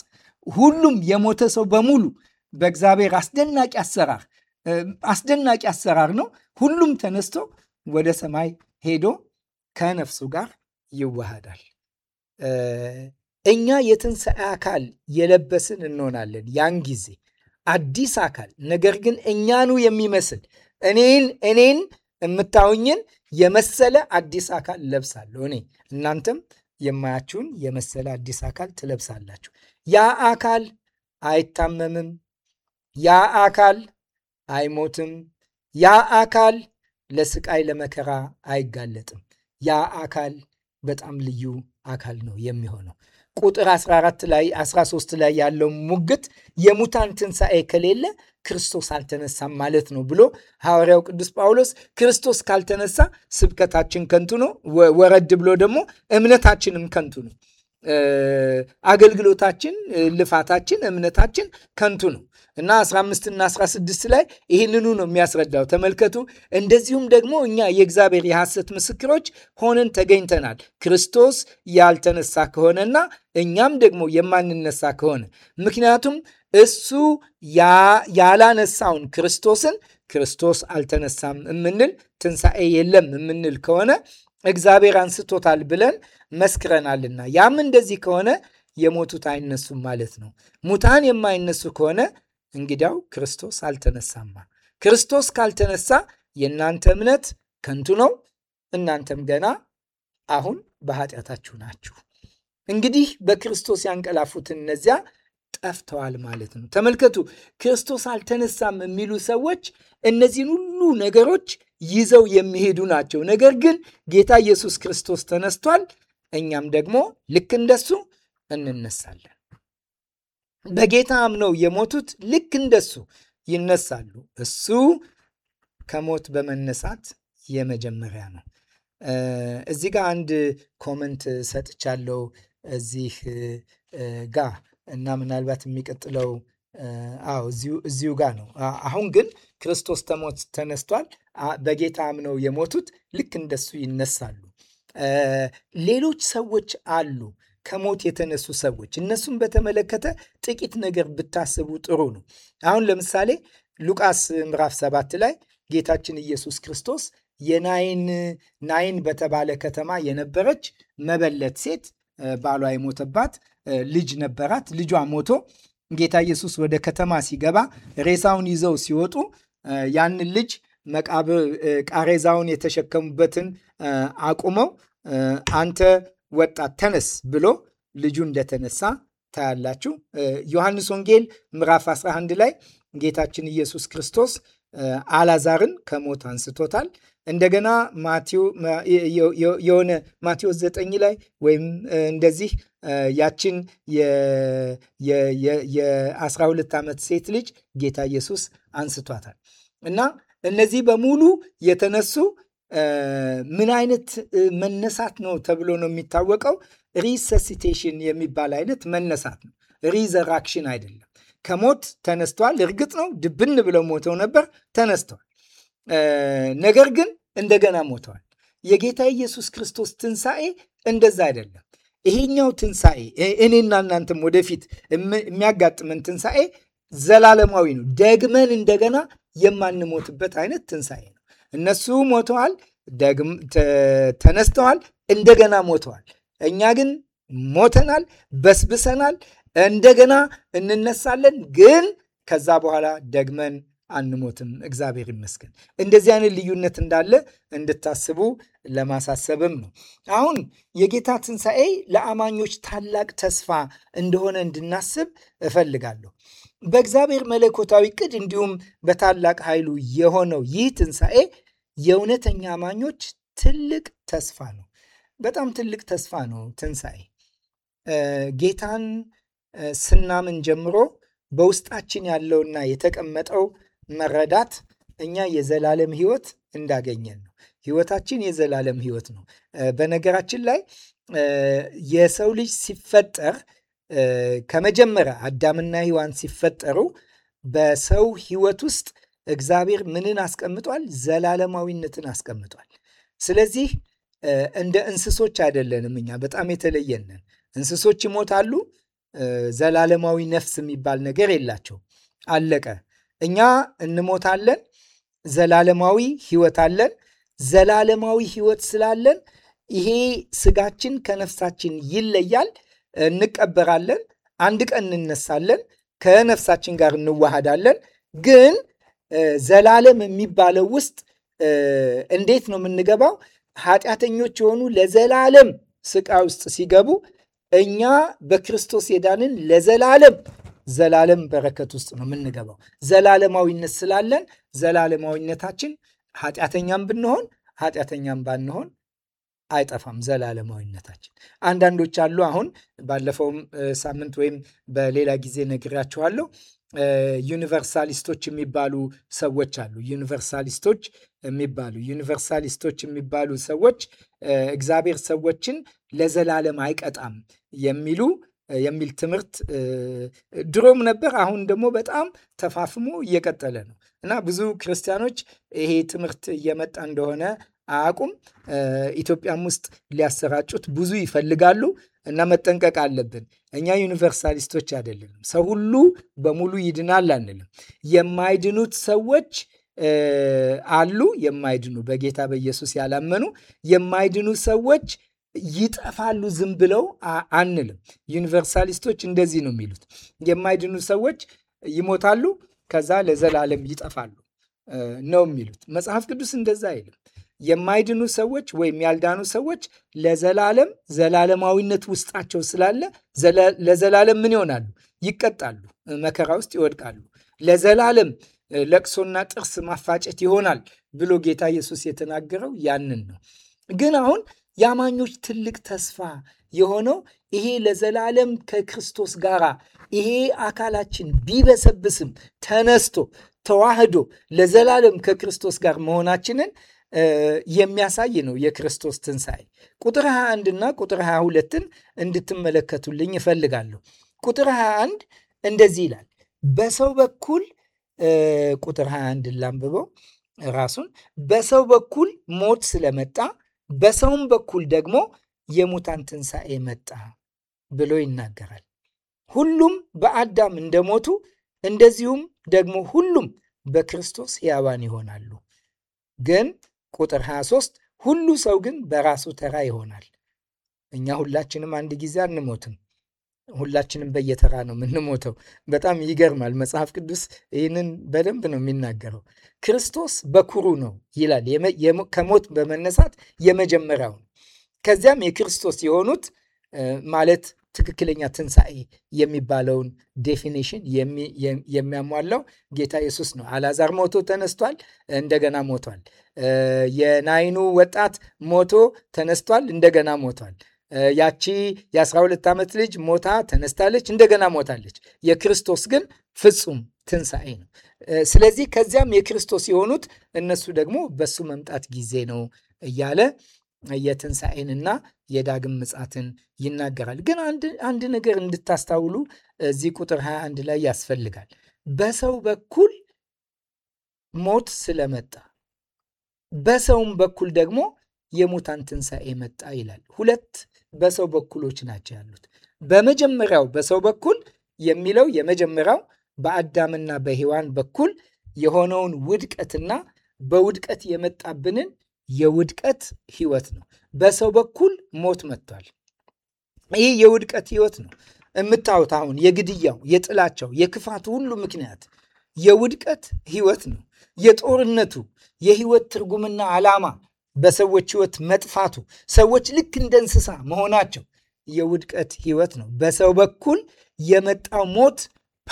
ሁሉም የሞተ ሰው በሙሉ በእግዚአብሔር አስደናቂ አሰራር አስደናቂ አሰራር ነው። ሁሉም ተነስቶ ወደ ሰማይ ሄዶ ከነፍሱ ጋር ይዋሃዳል። እኛ የትንሣኤ አካል የለበስን እንሆናለን። ያን ጊዜ አዲስ አካል ነገር ግን እኛኑ የሚመስል እኔን እኔን የምታዩኝን የመሰለ አዲስ አካል ለብሳለሁ እኔ። እናንተም የማያችሁን የመሰለ አዲስ አካል ትለብሳላችሁ። ያ አካል አይታመምም። ያ አካል አይሞትም። ያ አካል ለስቃይ ለመከራ አይጋለጥም። ያ አካል በጣም ልዩ አካል ነው የሚሆነው። ቁጥር 14 ላይ 13 ላይ ያለው ሙግት የሙታን ትንሣኤ ከሌለ ክርስቶስ አልተነሳም ማለት ነው ብሎ ሐዋርያው ቅዱስ ጳውሎስ ክርስቶስ ካልተነሳ ስብከታችን ከንቱ ነው፣ ወረድ ብሎ ደግሞ እምነታችንም ከንቱ ነው አገልግሎታችን፣ ልፋታችን፣ እምነታችን ከንቱ ነው እና 15 እና 16 ላይ ይህንኑ ነው የሚያስረዳው። ተመልከቱ። እንደዚሁም ደግሞ እኛ የእግዚአብሔር የሐሰት ምስክሮች ሆነን ተገኝተናል ክርስቶስ ያልተነሳ ከሆነና እኛም ደግሞ የማንነሳ ከሆነ ምክንያቱም እሱ ያላነሳውን ክርስቶስን ክርስቶስ አልተነሳም የምንል ትንሣኤ የለም የምንል ከሆነ እግዚአብሔር አንስቶታል ብለን መስክረናልና ያም እንደዚህ ከሆነ የሞቱት አይነሱም ማለት ነው። ሙታን የማይነሱ ከሆነ እንግዲያው ክርስቶስ አልተነሳማ። ክርስቶስ ካልተነሳ የእናንተ እምነት ከንቱ ነው፣ እናንተም ገና አሁን በኃጢአታችሁ ናችሁ። እንግዲህ በክርስቶስ ያንቀላፉትን እነዚያ ጠፍተዋል ማለት ነው። ተመልከቱ፣ ክርስቶስ አልተነሳም የሚሉ ሰዎች እነዚህን ሁሉ ነገሮች ይዘው የሚሄዱ ናቸው። ነገር ግን ጌታ ኢየሱስ ክርስቶስ ተነስቷል። እኛም ደግሞ ልክ እንደሱ እንነሳለን። በጌታ አምነው የሞቱት ልክ እንደሱ ይነሳሉ። እሱ ከሞት በመነሳት የመጀመሪያ ነው። እዚህ ጋር አንድ ኮመንት ሰጥቻለሁ እዚህ ጋ እና ምናልባት የሚቀጥለው አዎ እዚሁ ጋር ነው። አሁን ግን ክርስቶስ ተሞት ተነስቷል። በጌታ አምነው የሞቱት ልክ እንደሱ ይነሳሉ። ሌሎች ሰዎች አሉ ከሞት የተነሱ ሰዎች። እነሱን በተመለከተ ጥቂት ነገር ብታስቡ ጥሩ ነው። አሁን ለምሳሌ ሉቃስ ምዕራፍ ሰባት ላይ ጌታችን ኢየሱስ ክርስቶስ የናይን ናይን በተባለ ከተማ የነበረች መበለት ሴት ባሏ የሞተባት ልጅ ነበራት። ልጇ ሞቶ ጌታ ኢየሱስ ወደ ከተማ ሲገባ ሬሳውን ይዘው ሲወጡ ያንን ልጅ መቃብር ቃሬዛውን የተሸከሙበትን አቁመው አንተ ወጣት ተነስ ብሎ ልጁ እንደተነሳ ታያላችሁ። ዮሐንስ ወንጌል ምዕራፍ 11 ላይ ጌታችን ኢየሱስ ክርስቶስ አላዛርን ከሞት አንስቶታል። እንደገና የሆነ ማቴዎስ ዘጠኝ ላይ ወይም እንደዚህ ያችን የአስራ ሁለት ዓመት ሴት ልጅ ጌታ ኢየሱስ አንስቷታል እና እነዚህ በሙሉ የተነሱ ምን አይነት መነሳት ነው ተብሎ ነው የሚታወቀው? ሪሰሲቴሽን የሚባል አይነት መነሳት ነው። ሪዘራክሽን አይደለም። ከሞት ተነስቷል። እርግጥ ነው ድብን ብለው ሞተው ነበር፣ ተነስተዋል። ነገር ግን እንደገና ሞተዋል። የጌታ ኢየሱስ ክርስቶስ ትንሣኤ እንደዛ አይደለም። ይሄኛው ትንሣኤ እኔና እናንተም ወደፊት የሚያጋጥመን ትንሣኤ ዘላለማዊ ነው። ደግመን እንደገና የማንሞትበት አይነት ትንሣኤ ነው። እነሱ ሞተዋል፣ ተነስተዋል፣ እንደገና ሞተዋል። እኛ ግን ሞተናል፣ በስብሰናል፣ እንደገና እንነሳለን። ግን ከዛ በኋላ ደግመን አንሞትም። እግዚአብሔር ይመስገን። እንደዚህ አይነት ልዩነት እንዳለ እንድታስቡ ለማሳሰብም ነው። አሁን የጌታ ትንሣኤ ለአማኞች ታላቅ ተስፋ እንደሆነ እንድናስብ እፈልጋለሁ። በእግዚአብሔር መለኮታዊ ቅድ እንዲሁም በታላቅ ኃይሉ የሆነው ይህ ትንሣኤ የእውነተኛ አማኞች ትልቅ ተስፋ ነው። በጣም ትልቅ ተስፋ ነው። ትንሣኤ ጌታን ስናምን ጀምሮ በውስጣችን ያለውና የተቀመጠው መረዳት እኛ የዘላለም ህይወት እንዳገኘን ነው። ህይወታችን የዘላለም ህይወት ነው። በነገራችን ላይ የሰው ልጅ ሲፈጠር ከመጀመሪያ አዳምና ህዋን ሲፈጠሩ በሰው ህይወት ውስጥ እግዚአብሔር ምንን አስቀምጧል? ዘላለማዊነትን አስቀምጧል። ስለዚህ እንደ እንስሶች አይደለንም። እኛ በጣም የተለየን ነን። እንስሶች ይሞታሉ። ዘላለማዊ ነፍስ የሚባል ነገር የላቸው። አለቀ። እኛ እንሞታለን፣ ዘላለማዊ ህይወት አለን። ዘላለማዊ ህይወት ስላለን ይሄ ስጋችን ከነፍሳችን ይለያል፣ እንቀበራለን፣ አንድ ቀን እንነሳለን፣ ከነፍሳችን ጋር እንዋሃዳለን። ግን ዘላለም የሚባለው ውስጥ እንዴት ነው የምንገባው? ኃጢአተኞች የሆኑ ለዘላለም ስቃይ ውስጥ ሲገቡ እኛ በክርስቶስ የዳንን ለዘላለም ዘላለም በረከት ውስጥ ነው የምንገባው። ዘላለማዊነት ስላለን ዘላለማዊነታችን ኃጢአተኛም ብንሆን ኃጢአተኛም ባንሆን አይጠፋም ዘላለማዊነታችን። አንዳንዶች አሉ። አሁን ባለፈውም ሳምንት ወይም በሌላ ጊዜ ነግራችኋለሁ። ዩኒቨርሳሊስቶች የሚባሉ ሰዎች አሉ። ዩኒቨርሳሊስቶች የሚባሉ ዩኒቨርሳሊስቶች የሚባሉ ሰዎች እግዚአብሔር ሰዎችን ለዘላለም አይቀጣም የሚሉ የሚል ትምህርት ድሮም ነበር። አሁን ደግሞ በጣም ተፋፍሞ እየቀጠለ ነው እና ብዙ ክርስቲያኖች ይሄ ትምህርት እየመጣ እንደሆነ አያውቁም። ኢትዮጵያም ውስጥ ሊያሰራጩት ብዙ ይፈልጋሉ እና መጠንቀቅ አለብን። እኛ ዩኒቨርሳሊስቶች አይደለንም። ሰው ሁሉ በሙሉ ይድናል አንልም። የማይድኑት ሰዎች አሉ። የማይድኑ በጌታ በኢየሱስ ያላመኑ የማይድኑ ሰዎች ይጠፋሉ ዝም ብለው አንልም። ዩኒቨርሳሊስቶች እንደዚህ ነው የሚሉት። የማይድኑ ሰዎች ይሞታሉ፣ ከዛ ለዘላለም ይጠፋሉ ነው የሚሉት። መጽሐፍ ቅዱስ እንደዛ አይልም። የማይድኑ ሰዎች ወይም ያልዳኑ ሰዎች ለዘላለም ዘላለማዊነት ውስጣቸው ስላለ ለዘላለም ምን ይሆናሉ? ይቀጣሉ፣ መከራ ውስጥ ይወድቃሉ። ለዘላለም ለቅሶና ጥርስ ማፋጨት ይሆናል ብሎ ጌታ ኢየሱስ የተናገረው ያንን ነው። ግን አሁን የአማኞች ትልቅ ተስፋ የሆነው ይሄ ለዘላለም ከክርስቶስ ጋር ይሄ አካላችን ቢበሰብስም ተነስቶ ተዋህዶ ለዘላለም ከክርስቶስ ጋር መሆናችንን የሚያሳይ ነው የክርስቶስ ትንሣኤ። ቁጥር 21 እና ቁጥር 22ን እንድትመለከቱልኝ እፈልጋለሁ። ቁጥር 21 እንደዚህ ይላል። በሰው በኩል ቁጥር 21 ላንብበው ራሱን በሰው በኩል ሞት ስለመጣ በሰውም በኩል ደግሞ የሙታን ትንሣኤ መጣ ብሎ ይናገራል። ሁሉም በአዳም እንደሞቱ እንደዚሁም ደግሞ ሁሉም በክርስቶስ ሕያዋን ይሆናሉ። ግን ቁጥር 23 ሁሉ ሰው ግን በራሱ ተራ ይሆናል። እኛ ሁላችንም አንድ ጊዜ አንሞትም። ሁላችንም በየተራ ነው የምንሞተው። በጣም ይገርማል። መጽሐፍ ቅዱስ ይህንን በደንብ ነው የሚናገረው። ክርስቶስ በኩሩ ነው ይላል። ከሞት በመነሳት የመጀመሪያውን ከዚያም የክርስቶስ የሆኑት ማለት ትክክለኛ ትንሣኤ የሚባለውን ዴፊኒሽን የሚያሟላው ጌታ ኢየሱስ ነው። አላዛር ሞቶ ተነስቷል፣ እንደገና ሞቷል። የናይኑ ወጣት ሞቶ ተነስቷል፣ እንደገና ሞቷል። ያቺ የ12 ዓመት ልጅ ሞታ ተነስታለች፣ እንደገና ሞታለች። የክርስቶስ ግን ፍጹም ትንሣኤ ነው። ስለዚህ ከዚያም የክርስቶስ የሆኑት እነሱ ደግሞ በሱ መምጣት ጊዜ ነው እያለ የትንሣኤንና የዳግም ምጻትን ይናገራል። ግን አንድ ነገር እንድታስታውሉ እዚህ ቁጥር 21 ላይ ያስፈልጋል። በሰው በኩል ሞት ስለመጣ በሰውም በኩል ደግሞ የሙታን ትንሣኤ መጣ ይላል። ሁለት በሰው በኩሎች ናቸው ያሉት። በመጀመሪያው በሰው በኩል የሚለው የመጀመሪያው በአዳምና በሔዋን በኩል የሆነውን ውድቀትና በውድቀት የመጣብንን የውድቀት ህይወት ነው። በሰው በኩል ሞት መጥቷል። ይህ የውድቀት ህይወት ነው የምታዩት። አሁን የግድያው፣ የጥላቻው፣ የክፋቱ ሁሉ ምክንያት የውድቀት ህይወት ነው። የጦርነቱ የህይወት ትርጉምና ዓላማ በሰዎች ህይወት መጥፋቱ፣ ሰዎች ልክ እንደ እንስሳ መሆናቸው የውድቀት ህይወት ነው። በሰው በኩል የመጣው ሞት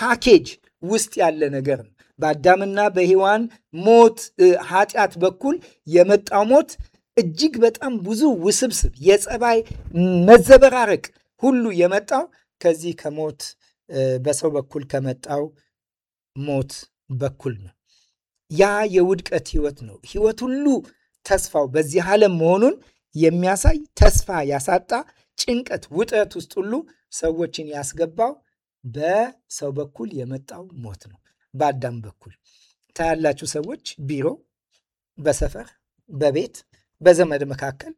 ፓኬጅ ውስጥ ያለ ነገር ነው። በአዳምና በሔዋን ሞት ኃጢአት በኩል የመጣው ሞት እጅግ በጣም ብዙ ውስብስብ የጸባይ መዘበራረቅ ሁሉ የመጣው ከዚህ ከሞት በሰው በኩል ከመጣው ሞት በኩል ነው። ያ የውድቀት ህይወት ነው። ህይወት ሁሉ ተስፋው በዚህ ዓለም መሆኑን የሚያሳይ ተስፋ ያሳጣ ጭንቀት፣ ውጥረት ውስጥ ሁሉ ሰዎችን ያስገባው በሰው በኩል የመጣው ሞት ነው። በአዳም በኩል ታያላችሁ። ሰዎች ቢሮ፣ በሰፈር፣ በቤት፣ በዘመድ መካከል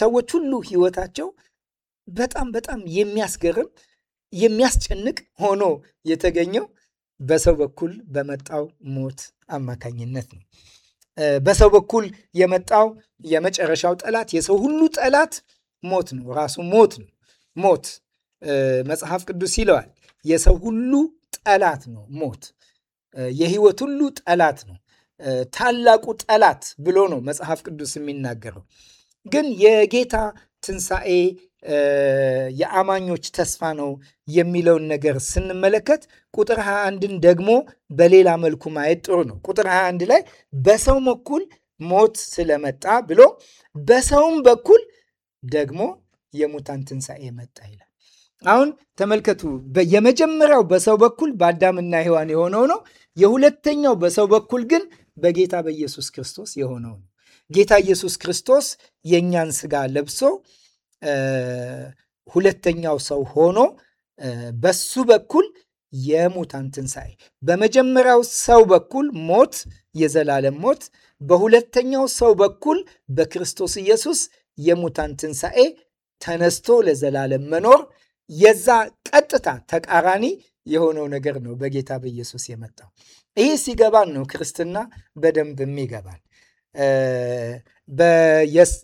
ሰዎች ሁሉ ህይወታቸው በጣም በጣም የሚያስገርም የሚያስጨንቅ ሆኖ የተገኘው በሰው በኩል በመጣው ሞት አማካኝነት ነው። በሰው በኩል የመጣው የመጨረሻው ጠላት የሰው ሁሉ ጠላት ሞት ነው። ራሱ ሞት ነው። ሞት መጽሐፍ ቅዱስ ይለዋል የሰው ሁሉ ጠላት ነው ሞት። የህይወት ሁሉ ጠላት ነው። ታላቁ ጠላት ብሎ ነው መጽሐፍ ቅዱስ የሚናገረው። ግን የጌታ ትንሣኤ የአማኞች ተስፋ ነው የሚለውን ነገር ስንመለከት ቁጥር 21ን ደግሞ በሌላ መልኩ ማየት ጥሩ ነው። ቁጥር 21 ላይ በሰው በኩል ሞት ስለመጣ ብሎ በሰውም በኩል ደግሞ የሙታን ትንሣኤ መጣ ይላል። አሁን ተመልከቱ። የመጀመሪያው በሰው በኩል በአዳምና ሔዋን የሆነው ነው። የሁለተኛው በሰው በኩል ግን በጌታ በኢየሱስ ክርስቶስ የሆነው ነው። ጌታ ኢየሱስ ክርስቶስ የእኛን ስጋ ለብሶ ሁለተኛው ሰው ሆኖ በሱ በኩል የሙታን ትንሣኤ፣ በመጀመሪያው ሰው በኩል ሞት፣ የዘላለም ሞት፣ በሁለተኛው ሰው በኩል በክርስቶስ ኢየሱስ የሙታን ትንሣኤ ተነስቶ ለዘላለም መኖር የዛ ቀጥታ ተቃራኒ የሆነው ነገር ነው በጌታ በኢየሱስ የመጣው። ይህ ሲገባን ነው ክርስትና በደንብ የሚገባን።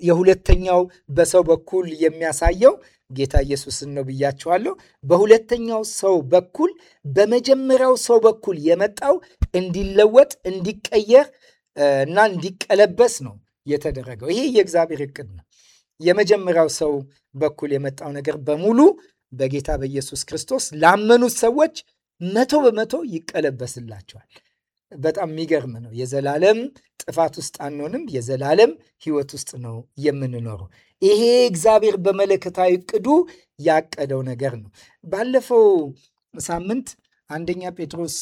የሁለተኛው በሰው በኩል የሚያሳየው ጌታ ኢየሱስን ነው ብያችኋለሁ። በሁለተኛው ሰው በኩል በመጀመሪያው ሰው በኩል የመጣው እንዲለወጥ፣ እንዲቀየር እና እንዲቀለበስ ነው የተደረገው። ይሄ የእግዚአብሔር እቅድ ነው። የመጀመሪያው ሰው በኩል የመጣው ነገር በሙሉ በጌታ በኢየሱስ ክርስቶስ ላመኑት ሰዎች መቶ በመቶ ይቀለበስላቸዋል። በጣም የሚገርም ነው። የዘላለም ጥፋት ውስጥ አንሆንም። የዘላለም ህይወት ውስጥ ነው የምንኖረው። ይሄ እግዚአብሔር በመለከታዊ ዕቅዱ ያቀደው ነገር ነው። ባለፈው ሳምንት አንደኛ ጴጥሮስ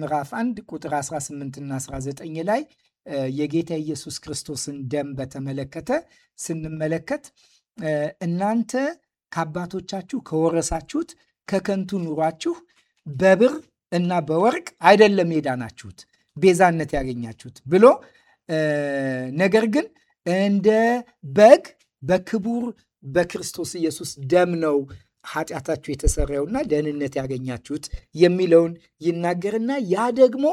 ምዕራፍ 1 ቁጥር 18 እና 19 ላይ የጌታ ኢየሱስ ክርስቶስን ደም በተመለከተ ስንመለከት እናንተ ከአባቶቻችሁ ከወረሳችሁት ከከንቱ ኑሯችሁ በብር እና በወርቅ አይደለም የዳናችሁት ቤዛነት ያገኛችሁት ብሎ ነገር ግን እንደ በግ በክቡር በክርስቶስ ኢየሱስ ደም ነው ኃጢአታችሁ የተሰራውና ደህንነት ያገኛችሁት የሚለውን ይናገርና ያ ደግሞ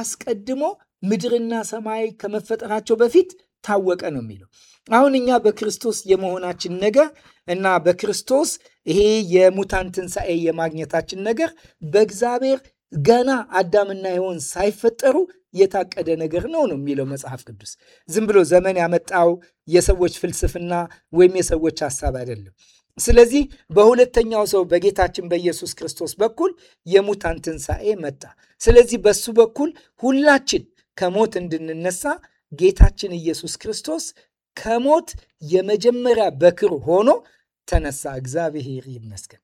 አስቀድሞ ምድርና ሰማይ ከመፈጠራቸው በፊት ታወቀ ነው የሚለው። አሁን እኛ በክርስቶስ የመሆናችን ነገር እና በክርስቶስ ይሄ የሙታን ትንሣኤ የማግኘታችን ነገር በእግዚአብሔር ገና አዳምና ሔዋን ሳይፈጠሩ የታቀደ ነገር ነው ነው የሚለው መጽሐፍ ቅዱስ። ዝም ብሎ ዘመን ያመጣው የሰዎች ፍልስፍና ወይም የሰዎች ሀሳብ አይደለም። ስለዚህ በሁለተኛው ሰው በጌታችን በኢየሱስ ክርስቶስ በኩል የሙታን ትንሣኤ መጣ። ስለዚህ በሱ በኩል ሁላችን ከሞት እንድንነሳ ጌታችን ኢየሱስ ክርስቶስ ከሞት የመጀመሪያ በክር ሆኖ ተነሳ። እግዚአብሔር ይመስገን።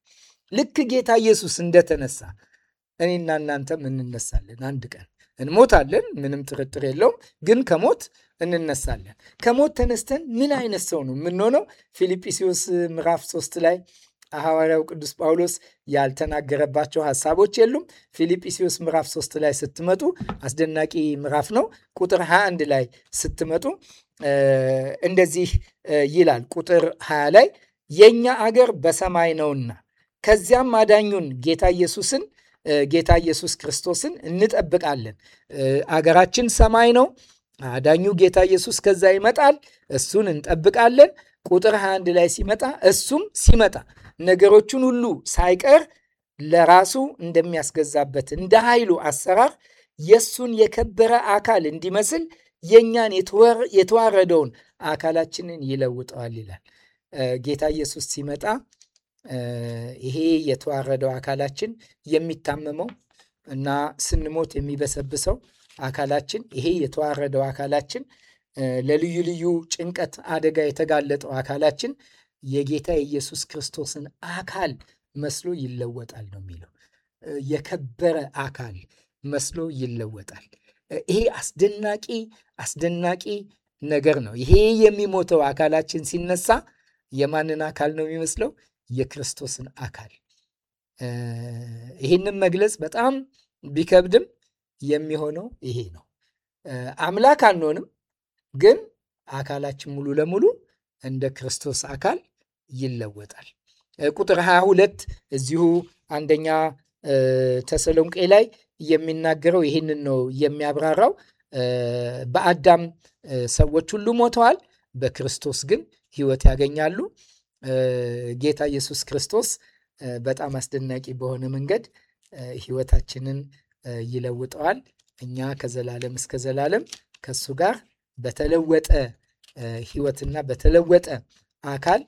ልክ ጌታ ኢየሱስ እንደተነሳ እኔና እናንተም እንነሳለን። አንድ ቀን እንሞታለን፣ ምንም ጥርጥር የለውም። ግን ከሞት እንነሳለን። ከሞት ተነስተን ምን አይነት ሰው ነው የምንሆነው? ፊልጵስዩስ ምዕራፍ ሶስት ላይ ሐዋርያው ቅዱስ ጳውሎስ ያልተናገረባቸው ሀሳቦች የሉም። ፊልጵስዩስ ምዕራፍ 3 ላይ ስትመጡ አስደናቂ ምዕራፍ ነው። ቁጥር 21 ላይ ስትመጡ እንደዚህ ይላል። ቁጥር 20 ላይ የእኛ አገር በሰማይ ነውና ከዚያም አዳኙን ጌታ ኢየሱስን ጌታ ኢየሱስ ክርስቶስን እንጠብቃለን። አገራችን ሰማይ ነው። አዳኙ ጌታ ኢየሱስ ከዛ ይመጣል። እሱን እንጠብቃለን። ቁጥር 21 ላይ ሲመጣ እሱም ሲመጣ ነገሮቹን ሁሉ ሳይቀር ለራሱ እንደሚያስገዛበት እንደ ኃይሉ አሰራር የእሱን የከበረ አካል እንዲመስል የእኛን የተዋረደውን አካላችንን ይለውጠዋል ይላል። ጌታ ኢየሱስ ሲመጣ ይሄ የተዋረደው አካላችን የሚታመመው እና ስንሞት የሚበሰብሰው አካላችን ይሄ የተዋረደው አካላችን ለልዩ ልዩ ጭንቀት፣ አደጋ የተጋለጠው አካላችን የጌታ የኢየሱስ ክርስቶስን አካል መስሎ ይለወጣል ነው የሚለው። የከበረ አካል መስሎ ይለወጣል። ይሄ አስደናቂ አስደናቂ ነገር ነው። ይሄ የሚሞተው አካላችን ሲነሳ የማንን አካል ነው የሚመስለው? የክርስቶስን አካል። ይህንም መግለጽ በጣም ቢከብድም የሚሆነው ይሄ ነው። አምላክ አንሆንም፣ ግን አካላችን ሙሉ ለሙሉ እንደ ክርስቶስ አካል ይለወጣል። ቁጥር 22 እዚሁ አንደኛ ተሰሎንቄ ላይ የሚናገረው ይህንን ነው የሚያብራራው። በአዳም ሰዎች ሁሉ ሞተዋል፣ በክርስቶስ ግን ሕይወት ያገኛሉ። ጌታ ኢየሱስ ክርስቶስ በጣም አስደናቂ በሆነ መንገድ ሕይወታችንን ይለውጠዋል። እኛ ከዘላለም እስከ ዘላለም ከእሱ ጋር በተለወጠ ሕይወትና በተለወጠ አካል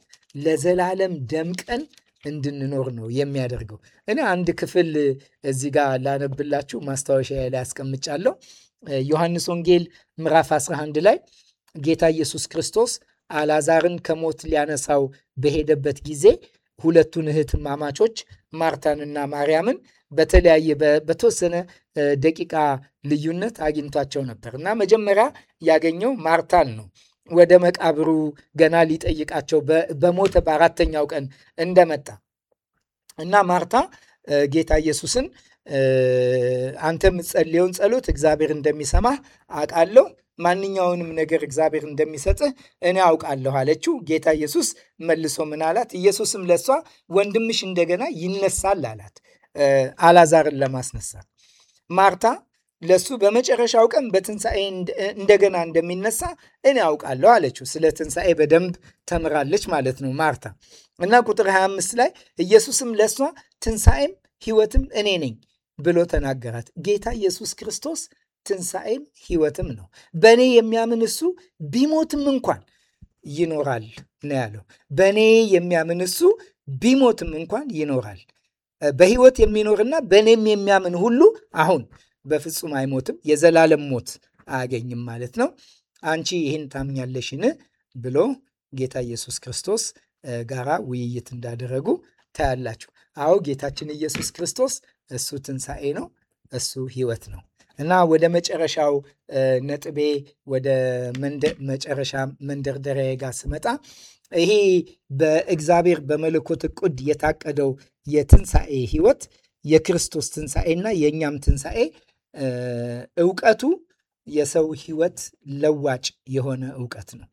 ለዘላለም ደምቀን እንድንኖር ነው የሚያደርገው። እኔ አንድ ክፍል እዚህ ጋር ላነብላችሁ ማስታወሻ ላይ አስቀምጫለሁ። ዮሐንስ ወንጌል ምዕራፍ 11 ላይ ጌታ ኢየሱስ ክርስቶስ አላዛርን ከሞት ሊያነሳው በሄደበት ጊዜ ሁለቱን እህት ማርታን ማርታንና ማርያምን በተለያየ በተወሰነ ደቂቃ ልዩነት አግኝቷቸው ነበር እና መጀመሪያ ያገኘው ማርታን ነው። ወደ መቃብሩ ገና ሊጠይቃቸው በሞተ በአራተኛው ቀን እንደመጣ እና ማርታ ጌታ ኢየሱስን አንተ የምትጸልየውን ጸሎት እግዚአብሔር እንደሚሰማህ አውቃለሁ፣ ማንኛውንም ነገር እግዚአብሔር እንደሚሰጥህ እኔ አውቃለሁ አለችው። ጌታ ኢየሱስ መልሶ ምን አላት? ኢየሱስም ለሷ ወንድምሽ እንደገና ይነሳል አላት፣ አላዛርን ለማስነሳት ማርታ ለሱ በመጨረሻው ቀን በትንሣኤ እንደገና እንደሚነሳ እኔ አውቃለሁ አለችው። ስለ ትንሣኤ በደንብ ተምራለች ማለት ነው ማርታ እና ቁጥር 25 ላይ ኢየሱስም ለእሷ ትንሣኤም ሕይወትም እኔ ነኝ ብሎ ተናገራት። ጌታ ኢየሱስ ክርስቶስ ትንሣኤም ሕይወትም ነው። በእኔ የሚያምን እሱ ቢሞትም እንኳን ይኖራል ነው ያለው። በእኔ የሚያምን እሱ ቢሞትም እንኳን ይኖራል። በሕይወት የሚኖርና በእኔም የሚያምን ሁሉ አሁን በፍጹም አይሞትም፣ የዘላለም ሞት አያገኝም ማለት ነው። አንቺ ይህን ታምኛለሽን ብሎ ጌታ ኢየሱስ ክርስቶስ ጋራ ውይይት እንዳደረጉ ታያላችሁ። አዎ ጌታችን ኢየሱስ ክርስቶስ እሱ ትንሣኤ ነው፣ እሱ ህይወት ነው። እና ወደ መጨረሻው ነጥቤ ወደ መጨረሻ መንደርደሪያ ጋር ስመጣ ይሄ በእግዚአብሔር በመለኮት ዕቅድ የታቀደው የትንሣኤ ህይወት የክርስቶስ ትንሣኤና የእኛም ትንሣኤ እውቀቱ የሰው ህይወት ለዋጭ የሆነ እውቀት ነው።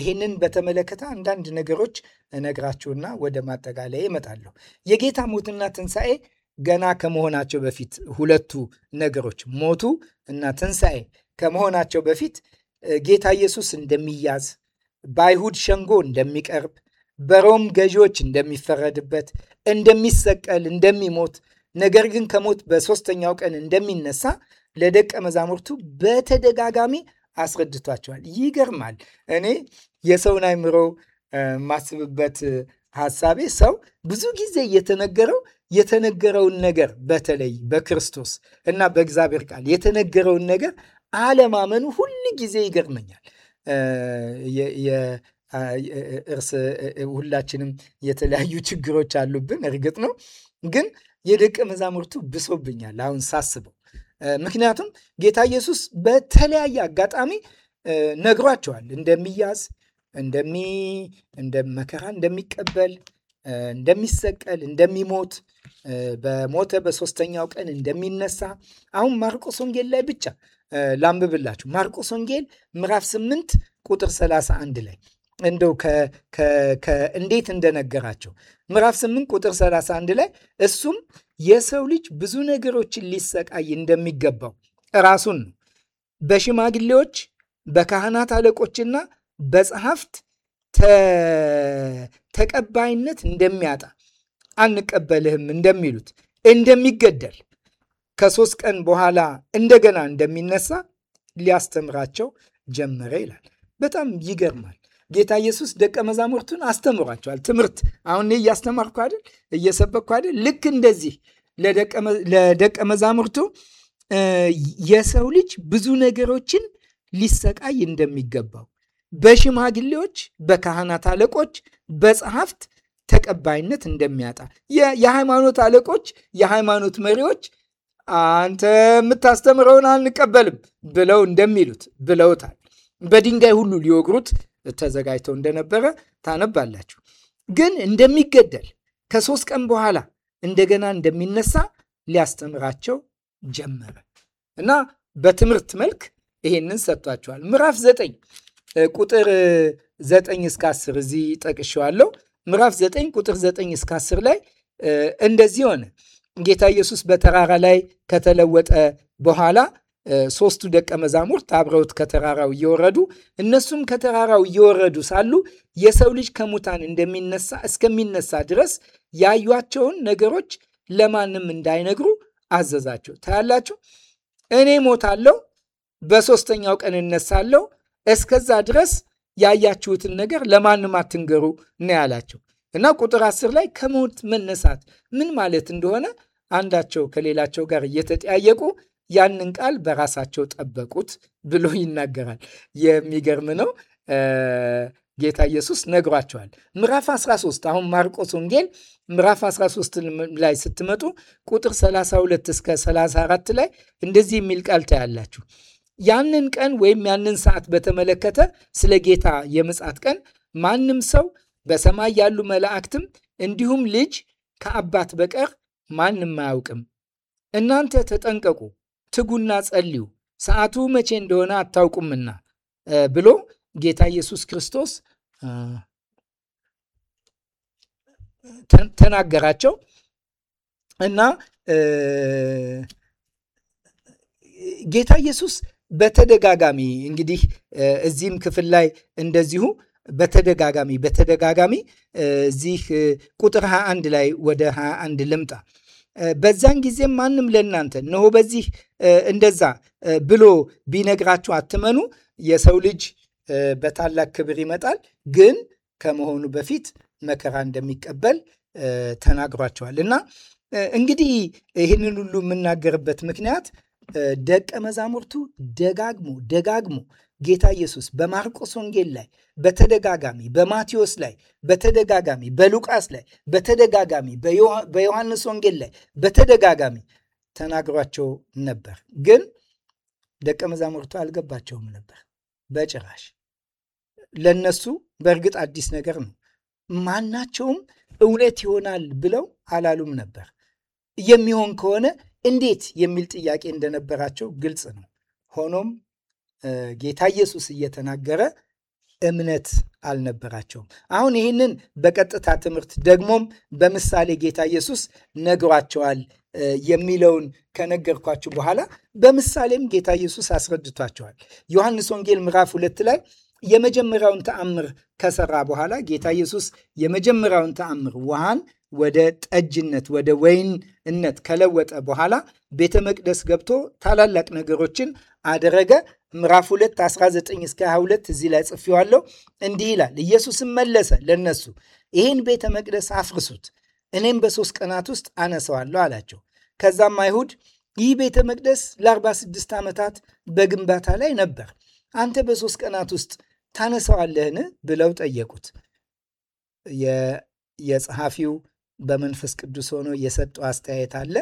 ይህንን በተመለከተ አንዳንድ ነገሮች እነግራችሁና ወደ ማጠቃለያ ይመጣለሁ የጌታ ሞትና ትንሣኤ ገና ከመሆናቸው በፊት ሁለቱ ነገሮች ሞቱ እና ትንሣኤ ከመሆናቸው በፊት ጌታ ኢየሱስ እንደሚያዝ፣ በአይሁድ ሸንጎ እንደሚቀርብ፣ በሮም ገዢዎች እንደሚፈረድበት፣ እንደሚሰቀል፣ እንደሚሞት ነገር ግን ከሞት በሶስተኛው ቀን እንደሚነሳ ለደቀ መዛሙርቱ በተደጋጋሚ አስረድቷቸዋል። ይገርማል። እኔ የሰውን አይምሮ የማስብበት ሀሳቤ ሰው ብዙ ጊዜ የተነገረው የተነገረውን ነገር በተለይ በክርስቶስ እና በእግዚአብሔር ቃል የተነገረውን ነገር አለማመኑ ሁል ጊዜ ይገርመኛል። እርስ ሁላችንም የተለያዩ ችግሮች አሉብን፣ እርግጥ ነው ግን የደቀ መዛሙርቱ ብሶብኛል አሁን ሳስበው። ምክንያቱም ጌታ ኢየሱስ በተለያየ አጋጣሚ ነግሯቸዋል እንደሚያዝ፣ መከራ እንደሚቀበል፣ እንደሚሰቀል፣ እንደሚሞት፣ በሞተ በሶስተኛው ቀን እንደሚነሳ። አሁን ማርቆስ ወንጌል ላይ ብቻ ላንብብላችሁ። ማርቆስ ወንጌል ምዕራፍ 8 ቁጥር 31 ላይ እንደው እንዴት እንደነገራቸው ምዕራፍ 8 ቁጥር 31 ላይ እሱም የሰው ልጅ ብዙ ነገሮችን ሊሰቃይ እንደሚገባው ራሱን ነው በሽማግሌዎች በካህናት አለቆችና በጸሐፍት ተቀባይነት እንደሚያጣ አንቀበልህም እንደሚሉት እንደሚገደል ከሶስት ቀን በኋላ እንደገና እንደሚነሳ ሊያስተምራቸው ጀመረ ይላል። በጣም ይገርማል። ጌታ ኢየሱስ ደቀ መዛሙርቱን አስተምሯቸዋል። ትምህርት አሁን እያስተማርኩ አይደል? እየሰበኩ አይደል? ልክ እንደዚህ ለደቀ መዛሙርቱ የሰው ልጅ ብዙ ነገሮችን ሊሰቃይ እንደሚገባው በሽማግሌዎች፣ በካህናት አለቆች፣ በጸሐፍት ተቀባይነት እንደሚያጣ የሃይማኖት አለቆች፣ የሃይማኖት መሪዎች አንተ የምታስተምረውን አንቀበልም ብለው እንደሚሉት ብለውታል። በድንጋይ ሁሉ ሊወግሩት ተዘጋጅተው እንደነበረ ታነባላችሁ። ግን እንደሚገደል ከሶስት ቀን በኋላ እንደገና እንደሚነሳ ሊያስተምራቸው ጀመረ እና በትምህርት መልክ ይሄንን ሰጥቷቸዋል። ምዕራፍ ዘጠኝ ቁጥር ዘጠኝ እስከ አስር እዚህ ጠቅሼዋለሁ። ምዕራፍ ዘጠኝ ቁጥር ዘጠኝ እስከ አስር ላይ እንደዚህ ሆነ። ጌታ ኢየሱስ በተራራ ላይ ከተለወጠ በኋላ ሶስቱ ደቀ መዛሙርት አብረውት ከተራራው እየወረዱ እነሱም ከተራራው እየወረዱ ሳሉ የሰው ልጅ ከሙታን እንደሚነሳ እስከሚነሳ ድረስ ያዩቸውን ነገሮች ለማንም እንዳይነግሩ አዘዛቸው። ታያላችሁ፣ እኔ ሞታለሁ፣ በሶስተኛው ቀን እነሳለሁ፣ እስከዛ ድረስ ያያችሁትን ነገር ለማንም አትንገሩ ነው ያላቸው እና ቁጥር አስር ላይ ከሞት መነሳት ምን ማለት እንደሆነ አንዳቸው ከሌላቸው ጋር እየተጠያየቁ ያንን ቃል በራሳቸው ጠበቁት ብሎ ይናገራል። የሚገርም ነው። ጌታ ኢየሱስ ነግሯቸዋል። ምዕራፍ 13 አሁን ማርቆስ ወንጌል ምዕራፍ 13 ላይ ስትመጡ ቁጥር 32 እስከ 34 ላይ እንደዚህ የሚል ቃል ታያላችሁ። ያንን ቀን ወይም ያንን ሰዓት በተመለከተ ስለ ጌታ የምጽአት ቀን ማንም ሰው በሰማይ ያሉ መላእክትም እንዲሁም ልጅ ከአባት በቀር ማንም አያውቅም። እናንተ ተጠንቀቁ፣ ትጉና ጸልዩ፣ ሰዓቱ መቼ እንደሆነ አታውቁምና ብሎ ጌታ ኢየሱስ ክርስቶስ ተናገራቸው እና ጌታ ኢየሱስ በተደጋጋሚ እንግዲህ እዚህም ክፍል ላይ እንደዚሁ በተደጋጋሚ በተደጋጋሚ እዚህ ቁጥር 21 ላይ ወደ 21 ልምጣ በዛን ጊዜ ማንም ለእናንተ እነሆ በዚህ እንደዛ ብሎ ቢነግራችሁ አትመኑ። የሰው ልጅ በታላቅ ክብር ይመጣል፣ ግን ከመሆኑ በፊት መከራ እንደሚቀበል ተናግሯቸዋል እና እንግዲህ ይህንን ሁሉ የምናገርበት ምክንያት ደቀ መዛሙርቱ ደጋግሞ ደጋግሞ ጌታ ኢየሱስ በማርቆስ ወንጌል ላይ በተደጋጋሚ በማቴዎስ ላይ በተደጋጋሚ በሉቃስ ላይ በተደጋጋሚ በዮሐንስ ወንጌል ላይ በተደጋጋሚ ተናግሯቸው ነበር። ግን ደቀ መዛሙርቱ አልገባቸውም ነበር በጭራሽ። ለነሱ በእርግጥ አዲስ ነገር ነው። ማናቸውም እውነት ይሆናል ብለው አላሉም ነበር። የሚሆን ከሆነ እንዴት የሚል ጥያቄ እንደነበራቸው ግልጽ ነው። ሆኖም ጌታ ኢየሱስ እየተናገረ እምነት አልነበራቸውም። አሁን ይህንን በቀጥታ ትምህርት ደግሞም በምሳሌ ጌታ ኢየሱስ ነግሯቸዋል የሚለውን ከነገርኳችሁ በኋላ በምሳሌም ጌታ ኢየሱስ አስረድቷቸዋል። ዮሐንስ ወንጌል ምዕራፍ ሁለት ላይ የመጀመሪያውን ተአምር ከሰራ በኋላ ጌታ ኢየሱስ የመጀመሪያውን ተአምር ውሃን ወደ ጠጅነት ወደ ወይንነት ከለወጠ በኋላ ቤተ መቅደስ ገብቶ ታላላቅ ነገሮችን አደረገ። ምዕራፍ 2 19 እስከ 22 እዚህ ላይ ጽፌዋለሁ። እንዲህ ይላል። ኢየሱስም መለሰ ለነሱ ይህን ቤተ መቅደስ አፍርሱት፣ እኔም በሶስት ቀናት ውስጥ አነሰዋለሁ አላቸው። ከዛም አይሁድ ይህ ቤተ መቅደስ ለ46 ዓመታት በግንባታ ላይ ነበር፣ አንተ በሶስት ቀናት ውስጥ ታነሰዋለህን ብለው ጠየቁት። የጸሐፊው በመንፈስ ቅዱስ ሆኖ የሰጠው አስተያየት አለ።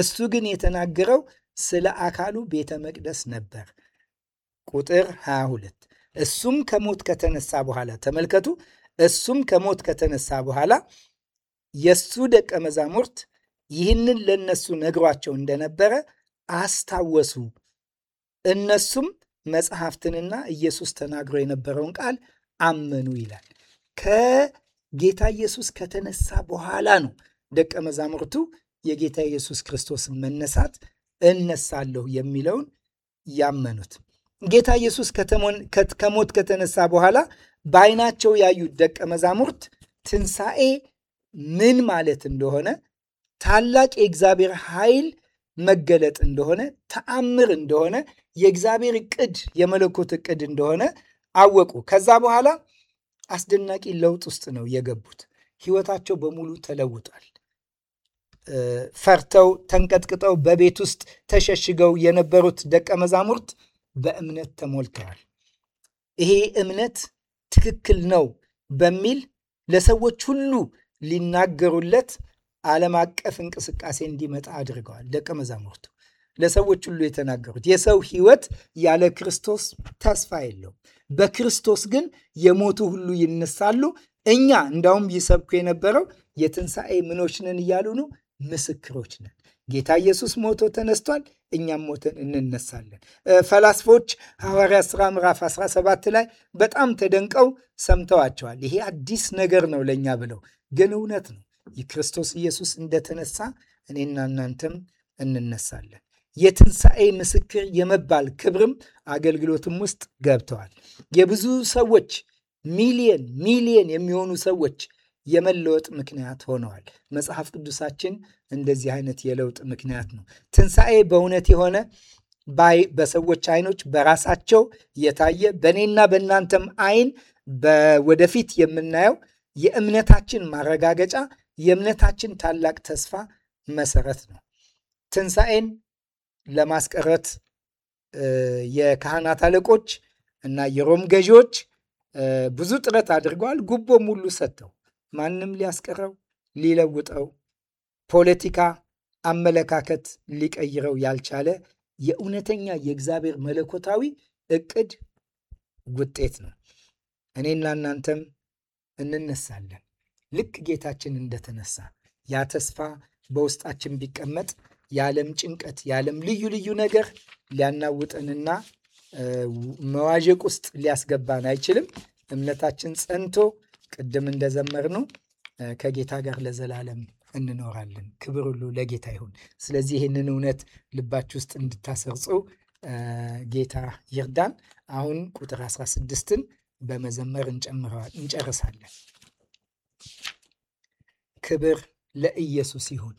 እሱ ግን የተናገረው ስለ አካሉ ቤተ መቅደስ ነበር። ቁጥር 22 እሱም ከሞት ከተነሳ በኋላ ተመልከቱ። እሱም ከሞት ከተነሳ በኋላ የእሱ ደቀ መዛሙርት ይህንን ለእነሱ ነግሯቸው እንደነበረ አስታወሱ። እነሱም መጽሐፍትንና ኢየሱስ ተናግሮ የነበረውን ቃል አመኑ ይላል። ጌታ ኢየሱስ ከተነሳ በኋላ ነው ደቀ መዛሙርቱ የጌታ ኢየሱስ ክርስቶስን መነሳት እነሳለሁ የሚለውን ያመኑት። ጌታ ኢየሱስ ከሞት ከተነሳ በኋላ በዓይናቸው ያዩት ደቀ መዛሙርት ትንሣኤ ምን ማለት እንደሆነ ታላቅ የእግዚአብሔር ኃይል መገለጥ እንደሆነ ተአምር እንደሆነ የእግዚአብሔር እቅድ የመለኮት እቅድ እንደሆነ አወቁ። ከዛ በኋላ አስደናቂ ለውጥ ውስጥ ነው የገቡት። ህይወታቸው በሙሉ ተለውጧል። ፈርተው ተንቀጥቅጠው በቤት ውስጥ ተሸሽገው የነበሩት ደቀ መዛሙርት በእምነት ተሞልተዋል። ይሄ እምነት ትክክል ነው በሚል ለሰዎች ሁሉ ሊናገሩለት ዓለም አቀፍ እንቅስቃሴ እንዲመጣ አድርገዋል። ደቀ መዛሙርቱ ለሰዎች ሁሉ የተናገሩት የሰው ህይወት ያለ ክርስቶስ ተስፋ የለውም። በክርስቶስ ግን የሞቱ ሁሉ ይነሳሉ። እኛ እንዳውም ይሰብኩ የነበረው የትንሣኤ ምኖች ነን እያሉ ነው፣ ምስክሮች ነን። ጌታ ኢየሱስ ሞቶ ተነስቷል፣ እኛም ሞተን እንነሳለን። ፈላስፎች ሐዋርያ ሥራ ምዕራፍ 17 ላይ በጣም ተደንቀው ሰምተዋቸዋል። ይሄ አዲስ ነገር ነው ለእኛ ብለው፣ ግን እውነት ነው። የክርስቶስ ኢየሱስ እንደተነሳ እኔና እናንተም እንነሳለን። የትንሣኤ ምስክር የመባል ክብርም አገልግሎትም ውስጥ ገብተዋል። የብዙ ሰዎች ሚሊየን ሚሊየን የሚሆኑ ሰዎች የመለወጥ ምክንያት ሆነዋል። መጽሐፍ ቅዱሳችን እንደዚህ አይነት የለውጥ ምክንያት ነው። ትንሣኤ በእውነት የሆነ በሰዎች አይኖች በራሳቸው የታየ በእኔና በእናንተም አይን ወደፊት የምናየው የእምነታችን ማረጋገጫ የእምነታችን ታላቅ ተስፋ መሰረት ነው። ትንሣኤን ለማስቀረት የካህናት አለቆች እና የሮም ገዢዎች ብዙ ጥረት አድርገዋል። ጉቦም ሁሉ ሰጥተው ማንም ሊያስቀረው ሊለውጠው ፖለቲካ አመለካከት ሊቀይረው ያልቻለ የእውነተኛ የእግዚአብሔር መለኮታዊ እቅድ ውጤት ነው። እኔና እናንተም እንነሳለን ልክ ጌታችን እንደተነሳ ያ ተስፋ በውስጣችን ቢቀመጥ የዓለም ጭንቀት፣ የዓለም ልዩ ልዩ ነገር ሊያናውጠንና መዋዠቅ ውስጥ ሊያስገባን አይችልም። እምነታችን ጸንቶ ቅድም እንደዘመርነው ከጌታ ጋር ለዘላለም እንኖራለን። ክብር ሁሉ ለጌታ ይሁን። ስለዚህ ይህንን እውነት ልባችሁ ውስጥ እንድታሰርጹ ጌታ ይርዳን። አሁን ቁጥር 16ን በመዘመር እንጨርሳለን። ክብር ለኢየሱስ ይሁን።